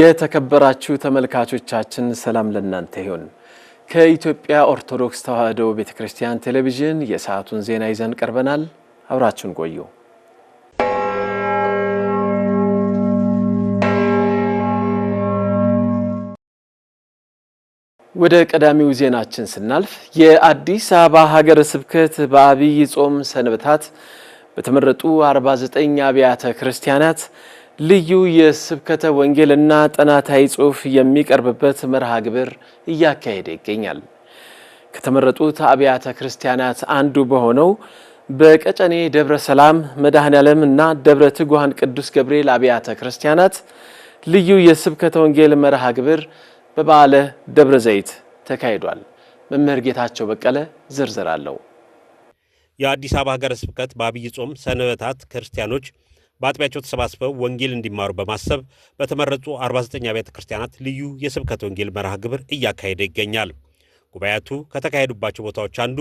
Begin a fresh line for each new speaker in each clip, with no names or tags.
የተከበራችሁ ተመልካቾቻችን ሰላም ለእናንተ ይሁን። ከኢትዮጵያ ኦርቶዶክስ ተዋሕዶ ቤተ ክርስቲያን ቴሌቪዥን የሰዓቱን ዜና ይዘን ቀርበናል። አብራችሁን ቆዩ። ወደ ቀዳሚው ዜናችን ስናልፍ የአዲስ አበባ ሀገረ ስብከት በአብይ ጾም ሰንበታት በተመረጡ 49 አብያተ ክርስቲያናት ልዩ የስብከተ ወንጌልና ጥናታዊ ጽሑፍ የሚቀርብበት መርሃ ግብር እያካሄደ ይገኛል። ከተመረጡት አብያተ ክርስቲያናት አንዱ በሆነው በቀጨኔ ደብረ ሰላም መድኃኔ ዓለም እና ደብረ ትጉሃን ቅዱስ ገብርኤል አብያተ ክርስቲያናት ልዩ የስብከተ ወንጌል መርሃ ግብር በበዓለ ደብረ ዘይት ተካሂዷል። መምህር ጌታቸው በቀለ ዝርዝር አለው። የአዲስ አበባ ሀገረ ስብከት በአብይ ጾም ሰንበታት ክርስቲያኖች በአጥቢያቸው ተሰባስበው ወንጌል እንዲማሩ በማሰብ በተመረጡ 49 አብያተ ክርስቲያናት ልዩ የስብከት ወንጌል መርሃ ግብር እያካሄደ ይገኛል። ጉባኤያቱ ከተካሄዱባቸው ቦታዎች አንዱ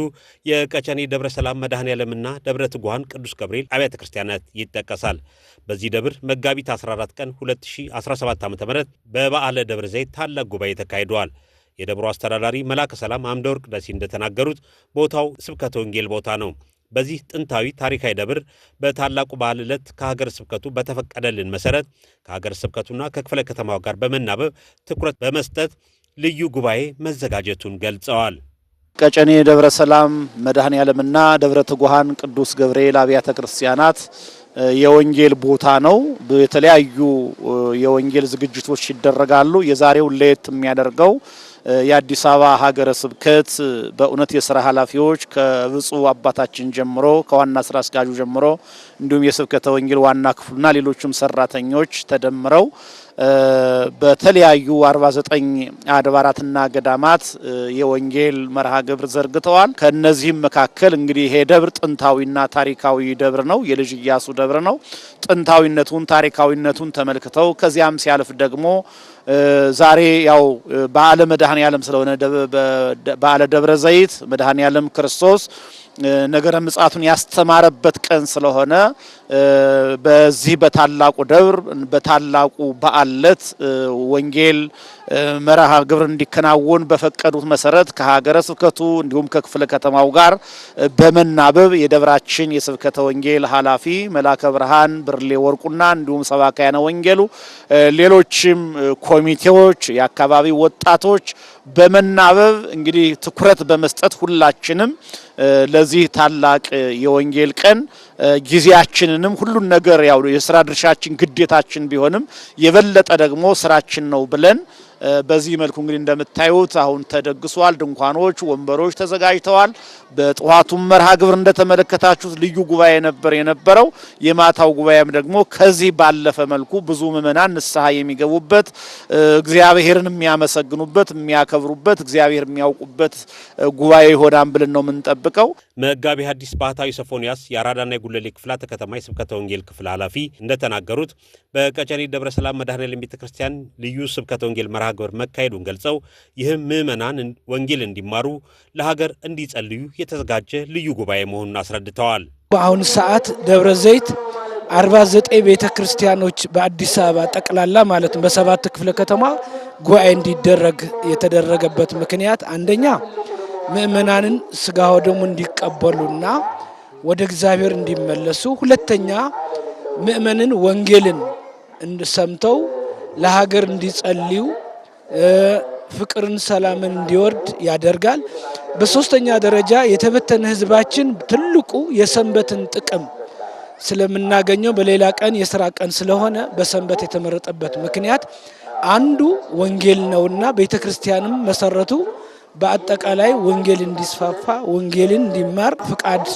የቀጨኔ ደብረ ሰላም መድኃኔ ዓለምና ደብረ ትጉሃን ቅዱስ ገብርኤል አብያተ ክርስቲያናት ይጠቀሳል። በዚህ ደብር መጋቢት 14 ቀን 2017 ዓ ም በበዓለ ደብረ ዘይት ታላቅ ጉባኤ ተካሂደዋል። የደብሩ አስተዳዳሪ መላከ ሰላም አምደ ወርቅ ደሴ እንደተናገሩት ቦታው ስብከተ ወንጌል ቦታ ነው። በዚህ ጥንታዊ ታሪካዊ ደብር በታላቁ በዓል ዕለት ከሀገር ስብከቱ በተፈቀደልን መሰረት ከሀገር ስብከቱና ከክፍለ ከተማው ጋር በመናበብ ትኩረት በመስጠት ልዩ ጉባኤ መዘጋጀቱን ገልጸዋል።
ቀጨኔ ደብረ ሰላም መድኃኔ ዓለምና ደብረ ትጉሃን ቅዱስ ገብርኤል አብያተ ክርስቲያናት የወንጌል ቦታ ነው። የተለያዩ የወንጌል ዝግጅቶች ይደረጋሉ። የዛሬው ለየት የሚያደርገው የአዲስ አበባ ሀገረ ስብከት በእውነት የስራ ኃላፊዎች ከብፁዕ አባታችን ጀምሮ ከዋና ስራ አስኪያጁ ጀምሮ እንዲሁም የስብከተ ወንጌል ዋና ክፍሉና ሌሎችም ሰራተኞች ተደምረው በተለያዩ 49 አድባራትና ገዳማት የወንጌል መርሃ ግብር ዘርግተዋል። ከነዚህም መካከል እንግዲህ ይሄ ደብር ጥንታዊና ታሪካዊ ደብር ነው። የልጅ ኢያሱ ደብር ነው። ጥንታዊነቱን ታሪካዊነቱን ተመልክተው ከዚያም ሲያልፍ ደግሞ ዛሬ ያው በዓለ መድኃኔ ዓለም ስለሆነ በዓለ ደብረ ዘይት መድኃኔ ዓለም ክርስቶስ ነገረ ምጽአቱን ያስተማረበት ቀን ስለሆነ በዚህ በታላቁ ደብር በታላቁ በዓል ዕለት ወንጌል መርሃ ግብር እንዲከናወን በፈቀዱት መሰረት ከሀገረ ስብከቱ እንዲሁም ከክፍለ ከተማው ጋር በመናበብ የደብራችን የስብከተ ወንጌል ኃላፊ መላከ ብርሃን ብርሌ ወርቁና እንዲሁም ሰባካያነ ወንጌሉ ሌሎችም ኮሚቴዎች፣ የአካባቢ ወጣቶች በመናበብ እንግዲህ ትኩረት በመስጠት ሁላችንም ለዚህ ታላቅ የወንጌል ቀን ጊዜያችንን ሁላችንንም ሁሉን ነገር ያው የስራ ድርሻችን ግዴታችን ቢሆንም የበለጠ ደግሞ ስራችን ነው ብለን በዚህ መልኩ እንግዲህ እንደምታዩት አሁን ተደግሷል። ድንኳኖች፣ ወንበሮች ተዘጋጅተዋል። በጠዋቱም መርሃ ግብር እንደተመለከታችሁት ልዩ ጉባኤ ነበር የነበረው። የማታው ጉባኤም ደግሞ ከዚህ ባለፈ መልኩ ብዙ ምዕመናን ንስሐ የሚገቡበት እግዚአብሔርን የሚያመሰግኑበት፣ የሚያከብሩበት፣ እግዚአብሔር የሚያውቁበት ጉባኤ ይሆናል ብለን ነው የምንጠብቀው።
መጋቢ ሐዲስ ባህታዊ ሶፎንያስ የአራዳና የጉለሌ ክፍላተ ከተማ የስብከተ ወንጌል ክፍል ኃላፊ እንደተናገሩት በቀጨኔ ደብረ ሰላም መድኃኔዓለም ቤተክርስቲያን ልዩ ስብከተ ወንጌል መርሃ ግብር መካሄዱን ገልጸው ይህም ምዕመናን ወንጌል እንዲማሩ፣ ለሀገር እንዲጸልዩ የተዘጋጀ ልዩ ጉባኤ መሆኑን አስረድተዋል።
በአሁኑ ሰዓት ደብረ ዘይት 49 ቤተ ክርስቲያኖች በአዲስ አበባ ጠቅላላ ማለት ነው በሰባት ክፍለ ከተማ ጉባኤ እንዲደረግ የተደረገበት ምክንያት አንደኛ ምእመናንን ስጋ ወደሙ እንዲቀበሉና ወደ እግዚአብሔር እንዲመለሱ፣ ሁለተኛ ምእመንን ወንጌልን ሰምተው ለሀገር እንዲጸልዩ ፍቅርን፣ ሰላምን እንዲወርድ ያደርጋል። በሶስተኛ ደረጃ የተበተነ ህዝባችን ትልቁ የሰንበትን ጥቅም ስለምናገኘው በሌላ ቀን የስራ ቀን ስለሆነ በሰንበት የተመረጠበት ምክንያት አንዱ ወንጌል ነውና ቤተ ክርስቲያንም መሰረቱ በአጠቃላይ ወንጌል እንዲስፋፋ ወንጌልን እንዲማር ፍቃድ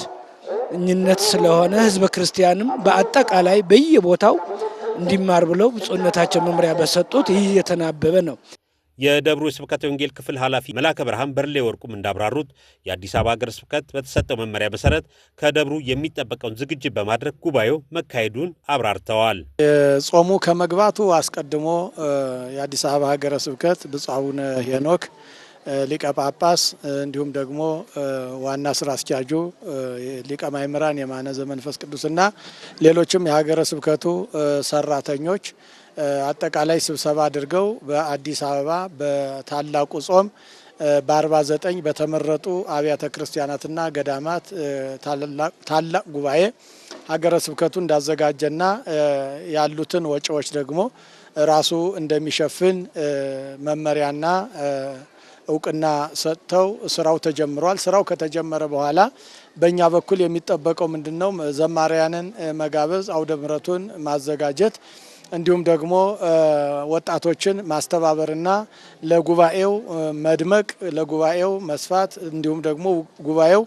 እኝነት ስለሆነ ህዝበ ክርስቲያንም በአጠቃላይ በየቦታው እንዲማር ብለው ብፁዕነታቸው መምሪያ በሰጡት ይህ የተናበበ ነው።
የደብሩ ስብከት ወንጌል ክፍል ኃላፊ መላከ ብርሃን በርሌ ወርቁም እንዳብራሩት የአዲስ አበባ ሀገረ ስብከት በተሰጠው መመሪያ መሰረት ከደብሩ የሚጠበቀውን ዝግጅት በማድረግ ጉባኤው መካሄዱን አብራርተዋል።
ጾሙ ከመግባቱ አስቀድሞ የአዲስ አበባ ሀገረ ስብከት ብፁዕ አቡነ ሄኖክ ሊቀ ጳጳስ እንዲሁም ደግሞ ዋና ስራ አስኪያጁ ሊቀ ማእምራን የማነ ዘመንፈስ ቅዱስና ሌሎችም የሀገረ ስብከቱ ሰራተኞች አጠቃላይ ስብሰባ አድርገው በአዲስ አበባ በታላቁ ጾም በ49 በተመረጡ አብያተ ክርስቲያናትና ገዳማት ታላቅ ጉባኤ ሀገረ ስብከቱ እንዳዘጋጀና ያሉትን ወጪዎች ደግሞ ራሱ እንደሚሸፍን መመሪያና እውቅና ሰጥተው ስራው ተጀምሯል። ስራው ከተጀመረ በኋላ በእኛ በኩል የሚጠበቀው ምንድን ነው? ዘማሪያንን መጋበዝ፣ አውደ ምረቱን ማዘጋጀት እንዲሁም ደግሞ ወጣቶችን ማስተባበርና ለጉባኤው መድመቅ ለጉባኤው መስፋት እንዲሁም ደግሞ ጉባኤው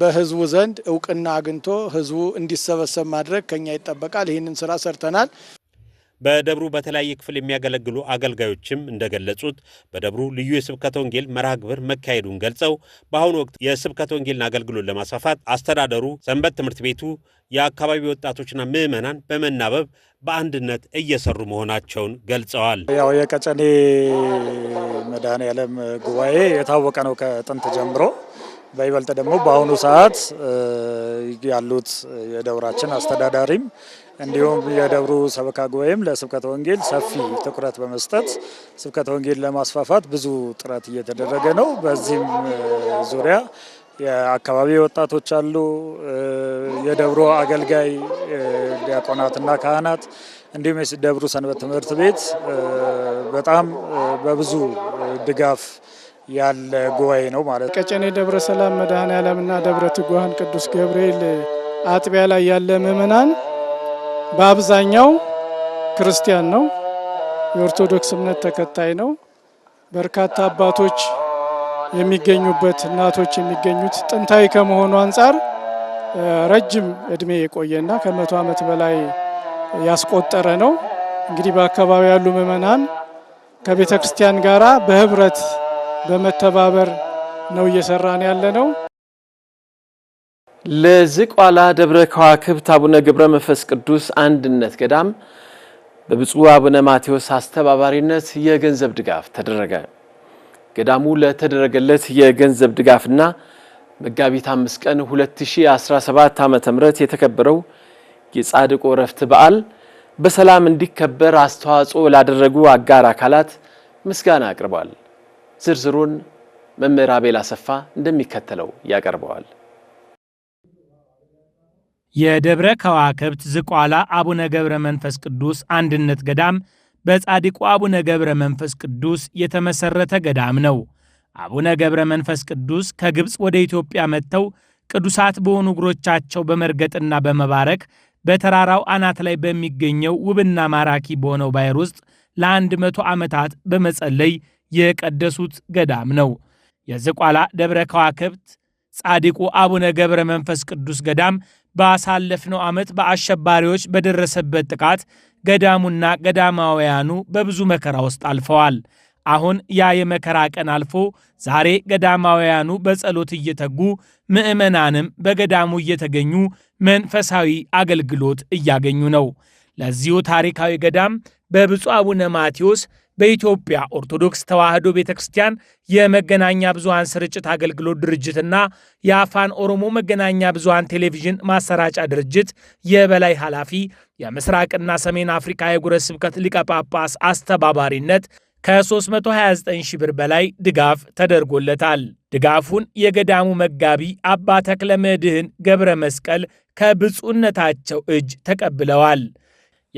በህዝቡ ዘንድ እውቅና አግኝቶ ህዝቡ እንዲሰበሰብ ማድረግ ከኛ ይጠበቃል። ይህንን ስራ ሰርተናል።
በደብሩ በተለያየ ክፍል የሚያገለግሉ አገልጋዮችም እንደገለጹት በደብሩ ልዩ የስብከተ ወንጌል መርሃ ግብር መካሄዱን ገልጸው በአሁኑ ወቅት የስብከተ ወንጌልን አገልግሎት ለማስፋፋት አስተዳደሩ፣ ሰንበት ትምህርት ቤቱ፣ የአካባቢ ወጣቶችና ምዕመናን በመናበብ በአንድነት እየሰሩ መሆናቸውን ገልጸዋል።
ያው የቀጨኔ መድኃኔዓለም ጉባኤ የታወቀ ነው ከጥንት ጀምሮ በይበልጥ ደግሞ በአሁኑ ሰዓት ያሉት የደብራችን አስተዳዳሪም እንዲሁም የደብሩ ሰበካ ጉባኤም ለስብከተ ወንጌል ሰፊ ትኩረት በመስጠት ስብከተ ወንጌል ለማስፋፋት ብዙ ጥረት እየተደረገ ነው። በዚህም ዙሪያ የአካባቢ ወጣቶች አሉ፣ የደብሮ አገልጋይ ዲያቆናትና ካህናት እንዲሁም የደብሩ ሰንበት ትምህርት ቤት በጣም በብዙ ድጋፍ ያለ ጉባኤ ነው ማለት
ነው። ቀጨኔ ደብረ ሰላም መድኃኔ ዓለምና ደብረ ትጉሃን ቅዱስ ገብርኤል አጥቢያ ላይ ያለ ምእመናን በአብዛኛው ክርስቲያን ነው። የኦርቶዶክስ እምነት ተከታይ ነው። በርካታ አባቶች የሚገኙበት እናቶች የሚገኙት ጥንታዊ ከመሆኑ አንጻር ረጅም እድሜ የቆየና ከመቶ ዓመት በላይ ያስቆጠረ ነው። እንግዲህ በአካባቢው ያሉ ምእመናን ከቤተ ክርስቲያን ጋራ በህብረት በመተባበር ነው እየሰራን ያለ ነው።
ለዝቋላ ደብረ ከዋክብት አቡነ ገብረ መንፈስ ቅዱስ አንድነት ገዳም በብፁዕ አቡነ ማቴዎስ አስተባባሪነት የገንዘብ ድጋፍ ተደረገ። ገዳሙ ለተደረገለት የገንዘብ ድጋፍና መጋቢት 5 ቀን 2017 ዓ.ም የተከበረው የጻድቁ ዕረፍት በዓል በሰላም እንዲከበር አስተዋጽኦ ላደረጉ አጋር አካላት ምስጋና አቅርቧል። ዝርዝሩን መምህር አቤል አሰፋ እንደሚከተለው ያቀርበዋል።
የደብረ ከዋክብት ዝቋላ አቡነ ገብረ መንፈስ ቅዱስ አንድነት ገዳም በጻድቁ አቡነ ገብረ መንፈስ ቅዱስ የተመሠረተ ገዳም ነው። አቡነ ገብረ መንፈስ ቅዱስ ከግብፅ ወደ ኢትዮጵያ መጥተው ቅዱሳት በሆኑ እግሮቻቸው በመርገጥና በመባረክ በተራራው አናት ላይ በሚገኘው ውብና ማራኪ በሆነው ባሕር ውስጥ ለአንድ መቶ ዓመታት በመጸለይ የቀደሱት ገዳም ነው። የዝቋላ ደብረ ከዋክብት ጻድቁ አቡነ ገብረ መንፈስ ቅዱስ ገዳም ባሳለፍነው ዓመት በአሸባሪዎች በደረሰበት ጥቃት ገዳሙና ገዳማውያኑ በብዙ መከራ ውስጥ አልፈዋል። አሁን ያ የመከራ ቀን አልፎ ዛሬ ገዳማውያኑ በጸሎት እየተጉ ምዕመናንም በገዳሙ እየተገኙ መንፈሳዊ አገልግሎት እያገኙ ነው። ለዚሁ ታሪካዊ ገዳም በብፁዕ አቡነ ማቴዎስ በኢትዮጵያ ኦርቶዶክስ ተዋሕዶ ቤተ ክርስቲያን የመገናኛ ብዙሃን ስርጭት አገልግሎት ድርጅትና የአፋን ኦሮሞ መገናኛ ብዙሃን ቴሌቪዥን ማሰራጫ ድርጅት የበላይ ኃላፊ የምስራቅና ሰሜን አፍሪካ የጉረ ስብከት ሊቀ ጳጳስ አስተባባሪነት ከ329 ሺህ ብር በላይ ድጋፍ ተደርጎለታል። ድጋፉን የገዳሙ መጋቢ አባ ተክለ መድህን ገብረ መስቀል ከብፁዕነታቸው እጅ ተቀብለዋል።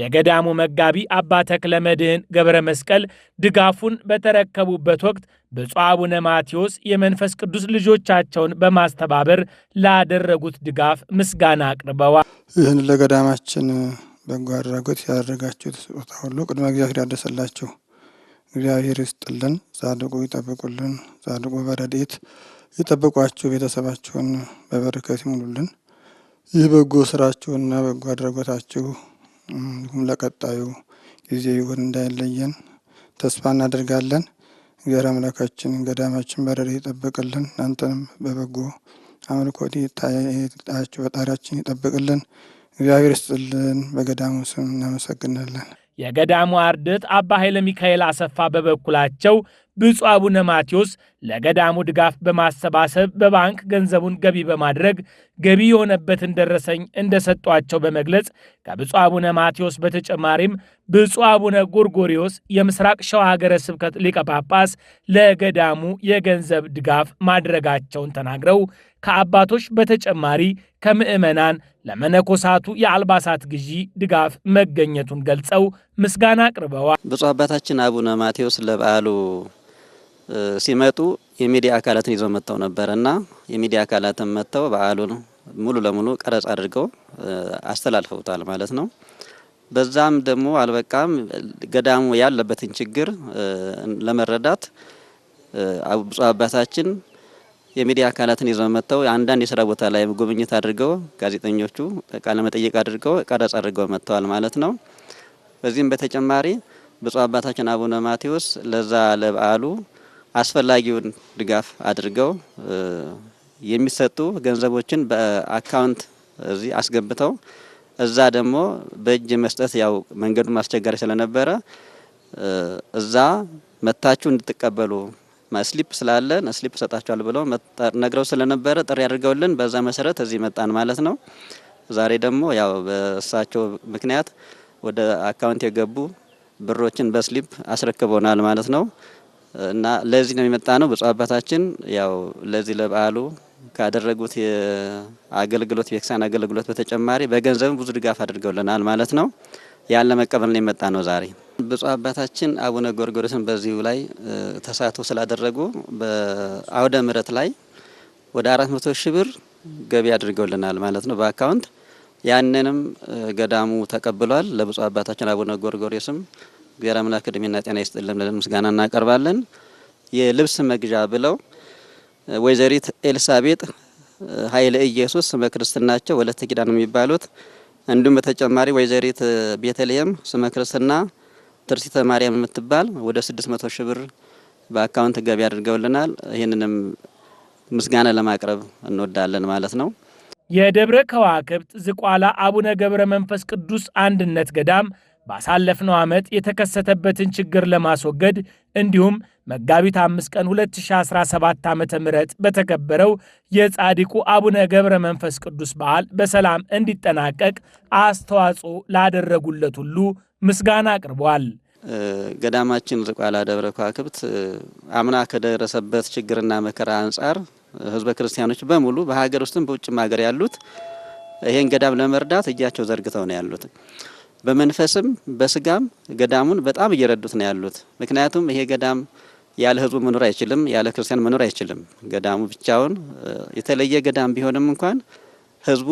የገዳሙ መጋቢ አባ ተክለ መድህን ገብረ መስቀል ድጋፉን በተረከቡበት ወቅት ብፁዕ አቡነ ማቴዎስ የመንፈስ ቅዱስ ልጆቻቸውን በማስተባበር ላደረጉት ድጋፍ ምስጋና አቅርበዋል።
ይህን ለገዳማችን በጎ አድራጎት ያደረጋችሁት ስጦታ ሁሉ ቅድመ እግዚአብሔር ያደሰላችሁ እግዚአብሔር ይስጥልን፣ ጻድቁ ይጠብቁልን፣ ጻድቁ በረድኤት ይጠብቋችሁ፣ ቤተሰባችሁን በበረከት ይሙሉልን። ይህ በጎ ስራችሁና በጎ አድራጎታችሁ ለቀጣዩ ጊዜ ይሁን እንዳይለየን ተስፋ እናደርጋለን። እግዚአብሔር አምላካችን ገዳማችን በረር ይጠብቅልን። እናንተንም በበጎ አምልኮት ፈጣሪያችን ይጠብቅልን። እግዚአብሔር ስጥልን። በገዳሙ ስም እናመሰግናለን።
የገዳሙ አርድት አባ ኃይለ ሚካኤል አሰፋ በበኩላቸው ብፁዕ አቡነ ማቴዎስ ለገዳሙ ድጋፍ በማሰባሰብ በባንክ ገንዘቡን ገቢ በማድረግ ገቢ የሆነበትን ደረሰኝ እንደሰጧቸው በመግለጽ ከብፁዕ አቡነ ማቴዎስ በተጨማሪም ብፁዕ አቡነ ጎርጎሪዎስ የምስራቅ ሸዋ ሀገረ ስብከት ሊቀ ጳጳስ ለገዳሙ የገንዘብ ድጋፍ ማድረጋቸውን ተናግረው ከአባቶች በተጨማሪ ከምዕመናን ለመነኮሳቱ የአልባሳት ግዢ ድጋፍ መገኘቱን ገልጸው ምስጋና አቅርበዋል።
ብፁዕ አባታችን አቡነ ማቴዎስ ለበዓሉ ሲመጡ የሚዲያ አካላትን ይዘው መጥተው ነበር እና የሚዲያ አካላትን መጥተው በዓሉን ሙሉ ለሙሉ ቀረጽ አድርገው አስተላልፈውታል ማለት ነው። በዛም ደግሞ አልበቃም፣ ገዳሙ ያለበትን ችግር ለመረዳት ብፁዕ አባታችን የሚዲያ አካላትን ይዘው መጥተው አንዳንድ የስራ ቦታ ላይ ጉብኝት አድርገው ጋዜጠኞቹ ቃለ መጠይቅ አድርገው ቀረጽ አድርገው መጥተዋል ማለት ነው። በዚህም በተጨማሪ ብፁዕ አባታችን አቡነ ማቴዎስ ለዛ ለበዓሉ አስፈላጊውን ድጋፍ አድርገው የሚሰጡ ገንዘቦችን በአካውንት እዚህ አስገብተው እዛ ደግሞ በእጅ መስጠት ያው መንገዱ ማስቸጋሪ ስለነበረ እዛ መታችሁ እንድትቀበሉ ስሊፕ ስላለን ስሊፕ ሰጣችኋል ብለው ነግረው ስለነበረ ጥሪ አድርገውልን በዛ መሰረት እዚህ መጣን ማለት ነው። ዛሬ ደግሞ ያው በእሳቸው ምክንያት ወደ አካውንት የገቡ ብሮችን በስሊፕ አስረክበናል ማለት ነው። እና ለዚህ ነው የመጣ ነው። ብፁዕ አባታችን ያው ለዚህ ለበዓሉ ካደረጉት የአገልግሎት የክሳን አገልግሎት በተጨማሪ በገንዘብ ብዙ ድጋፍ አድርገውልናል ማለት ነው። ያን ለመቀበል ነው የመጣ ነው ዛሬ። ብፁዕ አባታችን አቡነ ጎርጎርዮስን በዚሁ ላይ ተሳትፎ ስላደረጉ በአውደ ምረት ላይ ወደ አራት መቶ ሺህ ብር ገቢ አድርገውልናል ማለት ነው በአካውንት ያንንም ገዳሙ ተቀብሏል። ለብፁዕ አባታችን አቡነ ጎርጎርዮስም እግዚአብሔር አምላክ እድሜና ጤና ይስጥልን ብለን ምስጋና እናቀርባለን። የልብስ መግዣ ብለው ወይዘሪት ኤልሳቤጥ ኃይለ ኢየሱስ ስመ ክርስትናቸው ወለተ ኪዳን የሚባሉት እንዲሁም በተጨማሪ ወይዘሪት ቤተልሔም ስመ ክርስትና ትርሲተ ማርያም የምትባል ወደ 600 ሺህ ብር በአካውንት ገቢ አድርገውልናል። ይህንንም ምስጋና ለማቅረብ እንወዳለን ማለት ነው።
የደብረ ከዋክብት ዝቋላ አቡነ ገብረ መንፈስ ቅዱስ አንድነት ገዳም ባሳለፍነው ዓመት የተከሰተበትን ችግር ለማስወገድ እንዲሁም መጋቢት 5 ቀን 2017 ዓ ም በተከበረው የጻድቁ አቡነ ገብረ መንፈስ ቅዱስ በዓል በሰላም እንዲጠናቀቅ አስተዋጽኦ ላደረጉለት ሁሉ ምስጋና አቅርቧል።
ገዳማችን ዝቋላ ደብረ ከዋክብት አምና ከደረሰበት ችግርና መከራ አንጻር ህዝበ ክርስቲያኖች በሙሉ በሀገር ውስጥም በውጭም ሀገር ያሉት ይህን ገዳም ለመርዳት እጃቸው ዘርግተው ነው ያሉት። በመንፈስም በስጋም ገዳሙን በጣም እየረዱት ነው ያሉት። ምክንያቱም ይሄ ገዳም ያለ ህዝቡ መኖር አይችልም፣ ያለ ክርስቲያን መኖር አይችልም። ገዳሙ ብቻውን የተለየ ገዳም ቢሆንም እንኳን ህዝቡ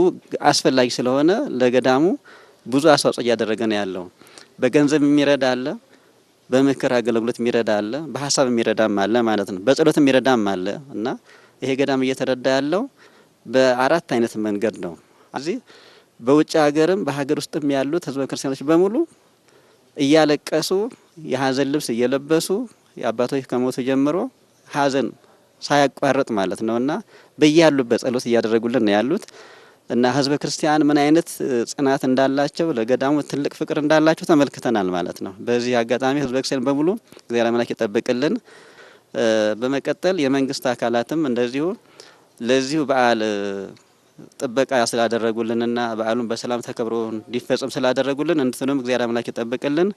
አስፈላጊ ስለሆነ ለገዳሙ ብዙ አስተዋጽኦ እያደረገ ነው ያለው። በገንዘብ የሚረዳ አለ፣ በምክር አገልግሎት የሚረዳ አለ፣ በሀሳብ የሚረዳም አለ ማለት ነው። በጸሎት የሚረዳም አለ እና ይሄ ገዳም እየተረዳ ያለው በአራት አይነት መንገድ ነው እዚህ በውጭ ሀገርም በሀገር ውስጥም ያሉት ህዝበ ክርስቲያኖች በሙሉ እያለቀሱ የሀዘን ልብስ እየለበሱ የአባቶች ከሞቱ ጀምሮ ሀዘን ሳያቋርጥ ማለት ነው እና በያሉበት ጸሎት እያደረጉልን ነው ያሉት እና ህዝበ ክርስቲያን ምን አይነት ጽናት እንዳላቸው ለገዳሙ ትልቅ ፍቅር እንዳላቸው ተመልክተናል ማለት ነው። በዚህ አጋጣሚ ህዝበ ክርስቲያን በሙሉ እግዚአብሔር አምላክ ይጠብቅልን። በመቀጠል የመንግስት አካላትም እንደዚሁ ለዚሁ በዓል ጥበቃ ስላደረጉልንና በዓሉን በሰላም ተከብሮ እንዲፈጸም ስላደረጉልን እንትንም እግዚአብሔር አምላክ ይጠብቅልን።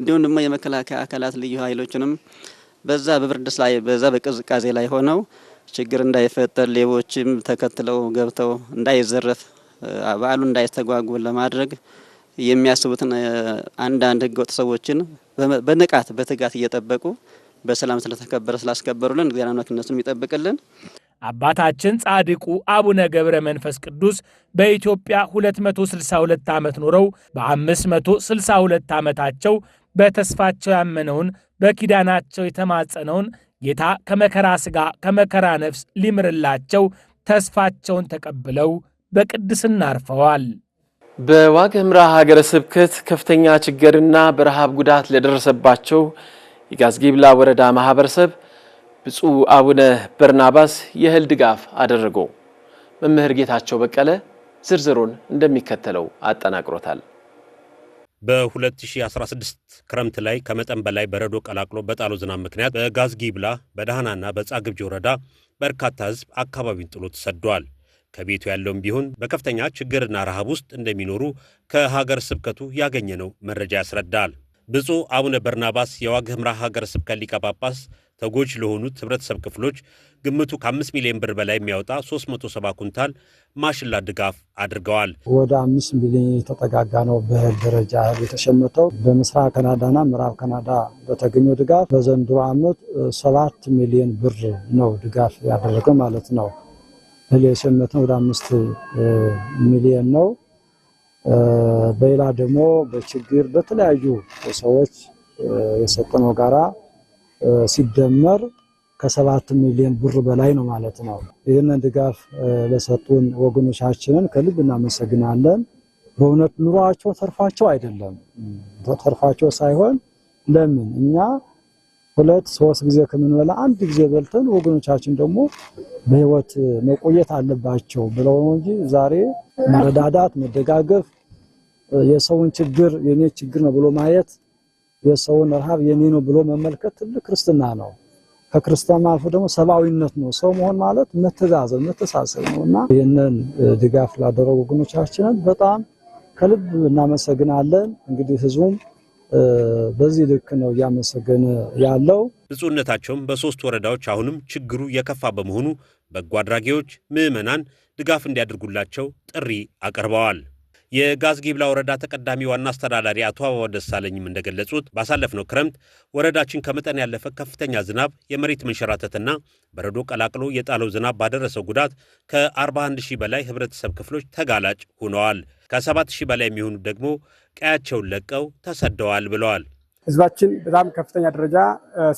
እንዲሁም ደግሞ የመከላከያ አካላት ልዩ ኃይሎችንም በዛ በብርድስ ላይ በዛ በቅዝቃዜ ላይ ሆነው ችግር እንዳይፈጠር ሌቦችም ተከትለው ገብተው እንዳይዘረፍ በዓሉ እንዳይስተጓጉል ለማድረግ የሚያስቡትን አንዳንድ ህገወጥ ሰዎችን በንቃት በትጋት እየጠበቁ በሰላም ስለተከበረ ስላስከበሩልን እግዚአብሔር አምላክ እነሱም ይጠብቅልን።
አባታችን ጻድቁ አቡነ ገብረ መንፈስ ቅዱስ በኢትዮጵያ 262 ዓመት ኖረው በ562 ዓመታቸው በተስፋቸው ያመነውን በኪዳናቸው የተማጸነውን ጌታ ከመከራ ሥጋ ከመከራ ነፍስ ሊምርላቸው ተስፋቸውን ተቀብለው በቅድስና አርፈዋል።
በዋግ ኽምራ ሀገረ ስብከት ከፍተኛ ችግርና በረሃብ ጉዳት ለደረሰባቸው የጋዝጊብላ ወረዳ ማህበረሰብ ብፁዕ አቡነ በርናባስ የእህል ድጋፍ አደረጉ። መምህር ጌታቸው በቀለ ዝርዝሩን እንደሚከተለው አጠናቅሮታል። በ2016 ክረምት ላይ ከመጠን በላይ በረዶ ቀላቅሎ በጣሎ ዝናብ ምክንያት በጋዝጊብላ በዳህናና በጻግብጂ ወረዳ በርካታ ህዝብ አካባቢውን ጥሎ ተሰዷል። ከቤቱ ያለውም ቢሆን በከፍተኛ ችግርና ረሃብ ውስጥ እንደሚኖሩ ከሀገር ስብከቱ ያገኘነው መረጃ ያስረዳል። ብፁዕ አቡነ በርናባስ የዋግ ኽምራ ሀገር ስብከት ሊቀ ጳጳስ ተጎጂ ለሆኑት ህብረተሰብ ክፍሎች ግምቱ ከአምስት ሚሊዮን ብር በላይ የሚያወጣ 370 ኩንታል ማሽላ ድጋፍ አድርገዋል።
ወደ አምስት ሚሊዮን የተጠጋጋ ነው በእህል ደረጃ የተሸመተው በምስራቅ ካናዳና ምዕራብ ካናዳ በተገኘው ድጋፍ በዘንድሮ ዓመት ሰባት ሚሊዮን ብር ነው ድጋፍ ያደረገው ማለት ነው። እህል የሸመተው ወደ አምስት ሚሊዮን ነው። በሌላ ደግሞ በችግር በተለያዩ ሰዎች የሰጠነው ጋራ ሲደመር ከሰባት ሚሊዮን ብር በላይ ነው ማለት ነው። ይህንን ድጋፍ ለሰጡን ወገኖቻችንን ከልብ እናመሰግናለን። በእውነት ኑሯቸው ተርፋቸው አይደለም ተርፋቸው ሳይሆን ለምን እኛ ሁለት ሶስት ጊዜ ከምንበላ አንድ ጊዜ በልተን ወገኖቻችን ደግሞ በህይወት መቆየት አለባቸው ብለው ነው እንጂ ዛሬ መረዳዳት፣ መደጋገፍ የሰውን ችግር የኔ ችግር ነው ብሎ ማየት የሰውን ረሃብ የኔ ነው ብሎ መመልከት ትልቅ ክርስትና ነው። ከክርስትና አልፎ ደግሞ ሰብአዊነት ነው። ሰው መሆን ማለት መተዛዘብ፣ መተሳሰብ ነው እና ይህንን ድጋፍ ላደረጉ ወገኖቻችንን በጣም ከልብ እናመሰግናለን። እንግዲህ ህዝቡም በዚህ ልክ ነው እያመሰገነ ያለው።
ብፁዕነታቸውም በሶስት ወረዳዎች አሁንም ችግሩ የከፋ በመሆኑ በጎ አድራጊዎች ምዕመናን ድጋፍ እንዲያደርጉላቸው ጥሪ አቅርበዋል። የጋዝ ጊብላ ወረዳ ተቀዳሚ ዋና አስተዳዳሪ አቶ አበባ ደሳለኝም እንደገለጹት ባሳለፍነው ክረምት ወረዳችን ከመጠን ያለፈ ከፍተኛ ዝናብ፣ የመሬት መንሸራተትና በረዶ ቀላቅሎ የጣለው ዝናብ ባደረሰው ጉዳት ከ41 ሺህ በላይ ህብረተሰብ ክፍሎች ተጋላጭ ሆነዋል። ከ7 ሺህ በላይ የሚሆኑ ደግሞ ቀያቸውን ለቀው ተሰደዋል ብለዋል።
ህዝባችን በጣም ከፍተኛ ደረጃ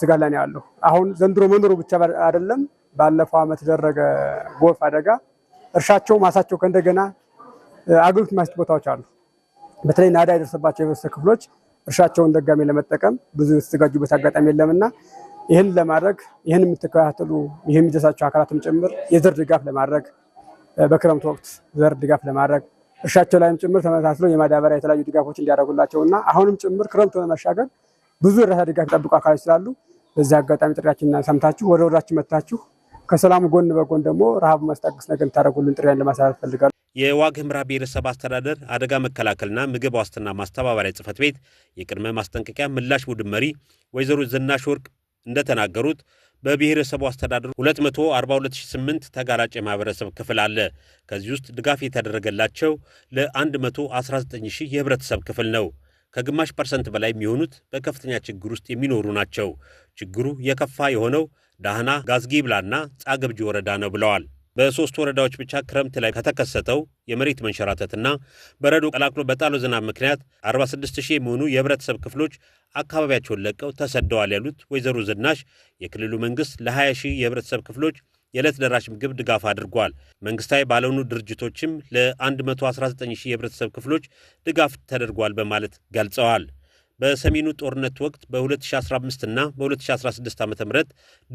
ስጋት ላይ ነው ያለው። አሁን ዘንድሮ መኖሩ ብቻ አይደለም፣ ባለፈው ዓመት የተደረገ ጎርፍ አደጋ እርሻቸው ማሳቸው ከእንደገና አገልግሎት ማስት ቦታዎች አሉ። በተለይ ናዳ የደረሰባቸው የህብረተሰብ ክፍሎች እርሻቸውን ደጋሚ ለመጠቀም ብዙ የተዘጋጁበት አጋጣሚ የለምና ይህን ለማድረግ ይህን የምትከታተሉ ይህ የሚደርሳቸው አካላትም ጭምር የዘር ድጋፍ ለማድረግ በክረምት ወቅት ዘር ድጋፍ ለማድረግ እርሻቸው ላይም ጭምር ተመሳስለው የማዳበሪያ የተለያዩ ድጋፎች እንዲያደርጉላቸው እና አሁንም ጭምር ክረምት ለመሻገር ብዙ የእርዳታ ድጋፍ ይጠብቁ አካላች ስላሉ በዚህ አጋጣሚ ጥሪያችንን ሰምታችሁ ወደ ወዳችሁ መጥታችሁ ከሰላሙ ጎን በጎን ደግሞ ረሃብ ማስታገስ ነገር ታደረጉልን ጥሪያን ለማሳረፍ ፈልጋለሁ።
የዋግ ኽምራ ብሔረሰብ አስተዳደር አደጋ መከላከልና ምግብ ዋስትና ማስተባበሪያ ጽፈት ቤት የቅድመ ማስጠንቀቂያ ምላሽ ቡድን መሪ ወይዘሮ ዝናሽ ወርቅ እንደተናገሩት በብሔረሰቡ አስተዳደሩ 242008 ተጋላጭ የማህበረሰብ ክፍል አለ። ከዚህ ውስጥ ድጋፍ የተደረገላቸው ለ119000 የህብረተሰብ ክፍል ነው። ከግማሽ ፐርሰንት በላይ የሚሆኑት በከፍተኛ ችግር ውስጥ የሚኖሩ ናቸው። ችግሩ የከፋ የሆነው ዳህና ጋዝጊብላና ጻገብጂ ወረዳ ነው ብለዋል። በሶስት ወረዳዎች ብቻ ክረምት ላይ ከተከሰተው የመሬት መንሸራተትና በረዶ ቀላቅሎ በጣሎ ዝናብ ምክንያት 46 ሺህ የሚሆኑ የህብረተሰብ ክፍሎች አካባቢያቸውን ለቀው ተሰደዋል ያሉት ወይዘሮ ዝናሽ የክልሉ መንግስት ለ20 ሺህ የህብረተሰብ ክፍሎች የዕለት ደራሽ ምግብ ድጋፍ አድርጓል። መንግስታዊ ባለሆኑ ድርጅቶችም ለ119 ሺህ የህብረተሰብ ክፍሎች ድጋፍ ተደርጓል በማለት ገልጸዋል። በሰሜኑ ጦርነት ወቅት በ2015 እና በ2016 ዓ ም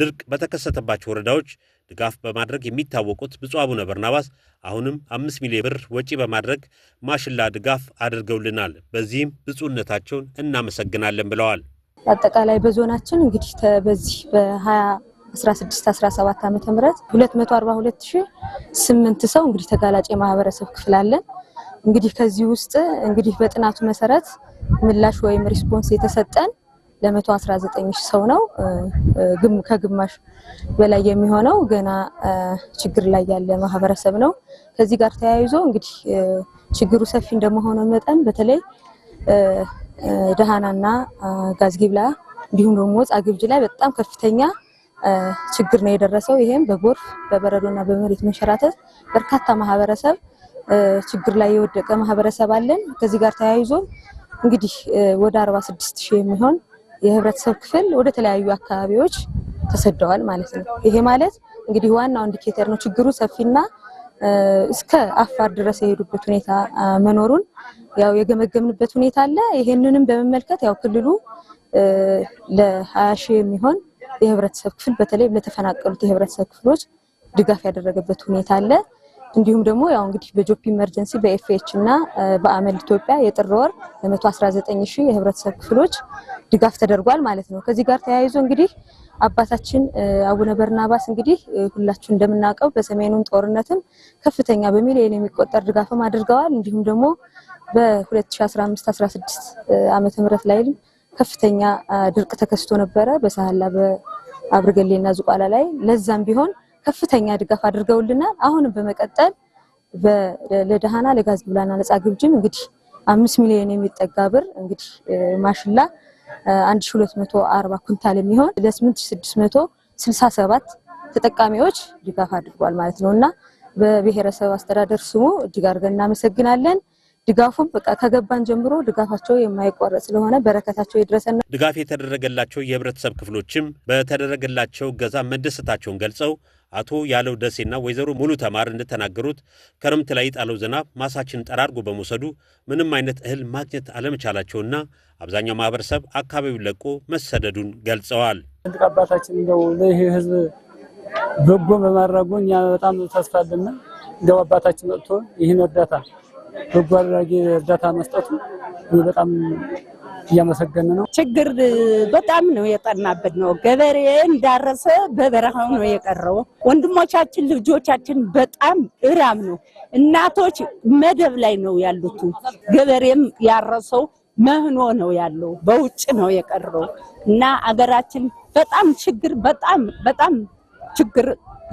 ድርቅ በተከሰተባቸው ወረዳዎች ድጋፍ በማድረግ የሚታወቁት ብፁዕ አቡነ በርናባስ አሁንም አምስት ሚሊዮን ብር ወጪ በማድረግ ማሽላ ድጋፍ አድርገውልናል። በዚህም ብፁዕነታቸውን እናመሰግናለን ብለዋል።
አጠቃላይ በዞናችን እንግዲህ በዚህ በ2016/17 ዓ.ም 242008 ሰው እንግዲህ ተጋላጭ የማህበረሰብ ክፍል አለን። እንግዲህ ከዚህ ውስጥ እንግዲህ በጥናቱ መሰረት ምላሽ ወይም ሪስፖንስ የተሰጠን ለ 119 ሺህ ሰው ነው። ከግማሽ በላይ የሚሆነው ገና ችግር ላይ ያለ ማህበረሰብ ነው። ከዚህ ጋር ተያይዞ እንግዲህ ችግሩ ሰፊ እንደመሆኑ መጠን በተለይ ደሃናና ጋዝጊብላ እንዲሁም ደግሞ ጻግብጅ ላይ በጣም ከፍተኛ ችግር ነው የደረሰው። ይሄም በጎርፍ በበረዶና በመሬት መንሸራተት በርካታ ማህበረሰብ ችግር ላይ የወደቀ ማህበረሰብ አለን። ከዚህ ጋር ተያይዞ እንግዲህ ወደ 46 ሺህ የሚሆን የህብረተሰብ ክፍል ወደ ተለያዩ አካባቢዎች ተሰደዋል ማለት ነው። ይሄ ማለት እንግዲህ ዋናው ኢንዲኬተር ነው። ችግሩ ሰፊና እስከ አፋር ድረስ የሄዱበት ሁኔታ መኖሩን ያው የገመገምንበት ሁኔታ አለ። ይሄንንም በመመልከት ያው ክልሉ ለ20 ሺህ የሚሆን የህብረተሰብ ክፍል በተለይ ለተፈናቀሉት የህብረተሰብ ክፍሎች ድጋፍ ያደረገበት ሁኔታ አለ። እንዲሁም ደግሞ ያው እንግዲህ በጆፕ ኢመርጀንሲ በኤፍኤች እና በአመል ኢትዮጵያ የጥር ወር ለ119 ሺህ የህብረተሰብ ክፍሎች ድጋፍ ተደርጓል ማለት ነው። ከዚህ ጋር ተያይዞ እንግዲህ አባታችን አቡነ በርናባስ እንግዲህ ሁላችሁ እንደምናውቀው በሰሜኑም ጦርነትም ከፍተኛ በሚሊዮን የሚቆጠር ድጋፍም አድርገዋል። እንዲሁም ደግሞ በ2015/16 ዓመተ ምህረት ላይም ከፍተኛ ድርቅ ተከስቶ ነበረ በሳህላ በአብርገሌና ዝቋላ ላይ ለዛም ቢሆን ከፍተኛ ድጋፍ አድርገውልናል። አሁንም በመቀጠል ለደሃና ለጋዝ ብላና ነጻ ግብጅም እንግዲህ አምስት ሚሊዮን የሚጠጋ ብር እንግዲህ ማሽላ 1ሺ4ሆን አርባ ኩንታል የሚሆን ስልሳ ሰባት ተጠቃሚዎች ድጋፍ አድርጓል ማለት ነው እና በብሔረሰብ አስተዳደር ስሙ እጅግ አድርገን እናመሰግናለን። ድጋፉም በቃ ከገባን ጀምሮ ድጋፋቸው የማይቋረጥ ስለሆነ በረከታቸው የድረሰና
ድጋፍ የተደረገላቸው የህብረተሰብ ክፍሎችም በተደረገላቸው ገዛ መደሰታቸውን ገልጸው አቶ ያለው ደሴና ወይዘሮ ሙሉ ተማር እንደተናገሩት ክረምት ላይ የጣለው ዝናብ ማሳችን ጠራርጎ በመውሰዱ ምንም አይነት እህል ማግኘት አለመቻላቸውና አብዛኛው ማህበረሰብ አካባቢውን ለቆ መሰደዱን ገልጸዋል።
አባታችን እንደው ይህ ህዝብ በጎ በማድረጉ እኛ በጣም ተስፋ አለና እንደው አባታችን መጥቶ ይህን እርዳታ በጎ አድራጊ እርዳታ መስጠቱ በጣም እያመሰገን ነው።
ችግር በጣም ነው የጠናበት ነው። ገበሬ እንዳረሰ በበረሃው ነው የቀረው። ወንድሞቻችን ልጆቻችን በጣም እራም ነው። እናቶች መደብ ላይ ነው ያሉት። ገበሬም ያረሰው መህኖ ነው ያለው፣ በውጭ ነው የቀረው እና አገራችን በጣም ችግር በጣም በጣም ችግር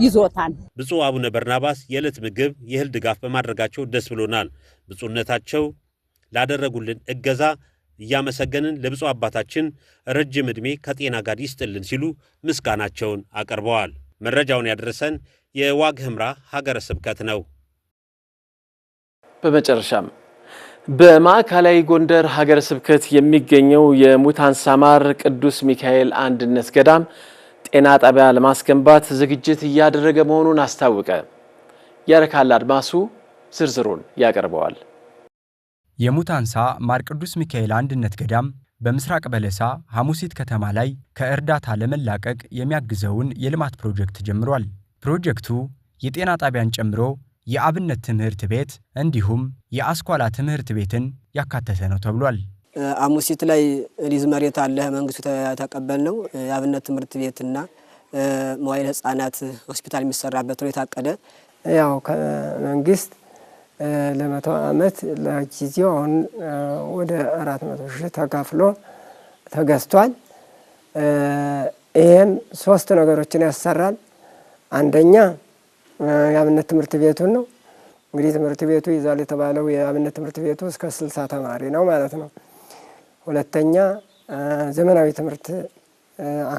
ይዞታል።
ብፁዕ አቡነ በርናባስ የዕለት ምግብ የእህል ድጋፍ በማድረጋቸው ደስ ብሎናል። ብፁዕነታቸው ላደረጉልን እገዛ እያመሰገንን ለብፁ አባታችን ረጅም ዕድሜ ከጤና ጋር ይስጥልን ሲሉ ምስጋናቸውን አቅርበዋል። መረጃውን ያደረሰን የዋግ ህምራ ሀገረ ስብከት ነው።
በመጨረሻም በማዕከላዊ ጎንደር ሀገረ ስብከት የሚገኘው የሙታን ሳማር ቅዱስ ሚካኤል አንድነት ገዳም ጤና ጣቢያ ለማስገንባት ዝግጅት እያደረገ መሆኑን አስታወቀ። ያረካል አድማሱ ዝርዝሩን ያቀርበዋል።
የሙታንሳ ማር ቅዱስ ሚካኤል አንድነት ገዳም በምስራቅ በለሳ ሐሙሲት ከተማ ላይ ከእርዳታ ለመላቀቅ የሚያግዘውን የልማት ፕሮጀክት ጀምሯል። ፕሮጀክቱ የጤና ጣቢያን ጨምሮ የአብነት ትምህርት ቤት እንዲሁም የአስኳላ ትምህርት ቤትን ያካተተ ነው ተብሏል።
አሙሲት ላይ ሊዝ መሬት አለ መንግስቱ ተቀበል ነው። የአብነት ትምህርት ቤትና መዋይል ህጻናት ሆስፒታል የሚሰራበት ነው የታቀደ
ያው ከመንግስት ለመቶ ዓመት ለጊዜው አሁን ወደ አራት መቶ ሺህ ተካፍሎ ተገዝቷል። ይህም ሶስት ነገሮችን ያሰራል። አንደኛ የአብነት ትምህርት ቤቱን ነው። እንግዲህ ትምህርት ቤቱ ይዛል የተባለው የአብነት ትምህርት ቤቱ እስከ ስልሳ ተማሪ ነው ማለት ነው። ሁለተኛ ዘመናዊ ትምህርት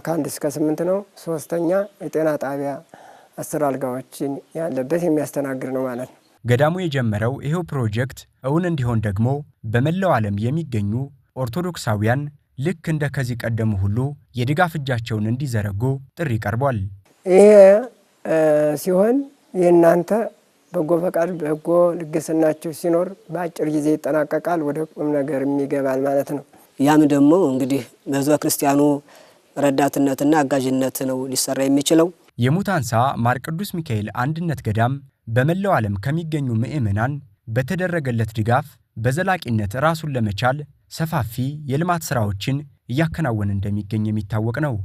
ከአንድ እስከ ስምንት ነው። ሶስተኛ የጤና ጣቢያ አስር አልጋዎችን ያለበት የሚያስተናግድ ነው ማለት ነው።
ገዳሙ የጀመረው ይሄው ፕሮጀክት እውን እንዲሆን ደግሞ በመላው ዓለም የሚገኙ ኦርቶዶክሳውያን ልክ እንደ ከዚህ ቀደሙ ሁሉ የድጋፍ እጃቸውን እንዲዘረጉ ጥሪ ቀርቧል።
ይሄ ሲሆን የእናንተ በጎ ፈቃድ በጎ ልግስናቸው ሲኖር በአጭር ጊዜ ይጠናቀቃል፣ ወደ ቁም ነገር የሚገባል ማለት ነው።
ያም ደግሞ እንግዲህ በህዝበ ክርስቲያኑ ረዳትነትና አጋዥነት ነው ሊሰራ የሚችለው።
የሙታንሳ ማር ቅዱስ ሚካኤል አንድነት ገዳም በመላው ዓለም ከሚገኙ ምዕመናን በተደረገለት ድጋፍ በዘላቂነት ራሱን ለመቻል ሰፋፊ የልማት ሥራዎችን እያከናወነ እንደሚገኝ የሚታወቅ ነው።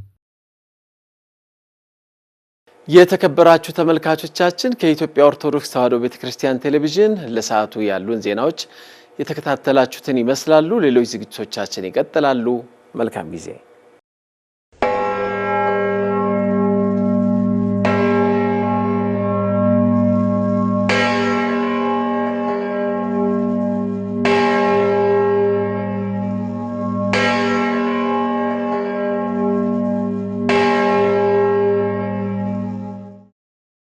የተከበራችሁ ተመልካቾቻችን ከኢትዮጵያ ኦርቶዶክስ ተዋሕዶ ቤተ ክርስቲያን ቴሌቪዥን ለሰዓቱ ያሉን ዜናዎች የተከታተላችሁትን ይመስላሉ። ሌሎች ዝግጅቶቻችን ይቀጥላሉ። መልካም ጊዜ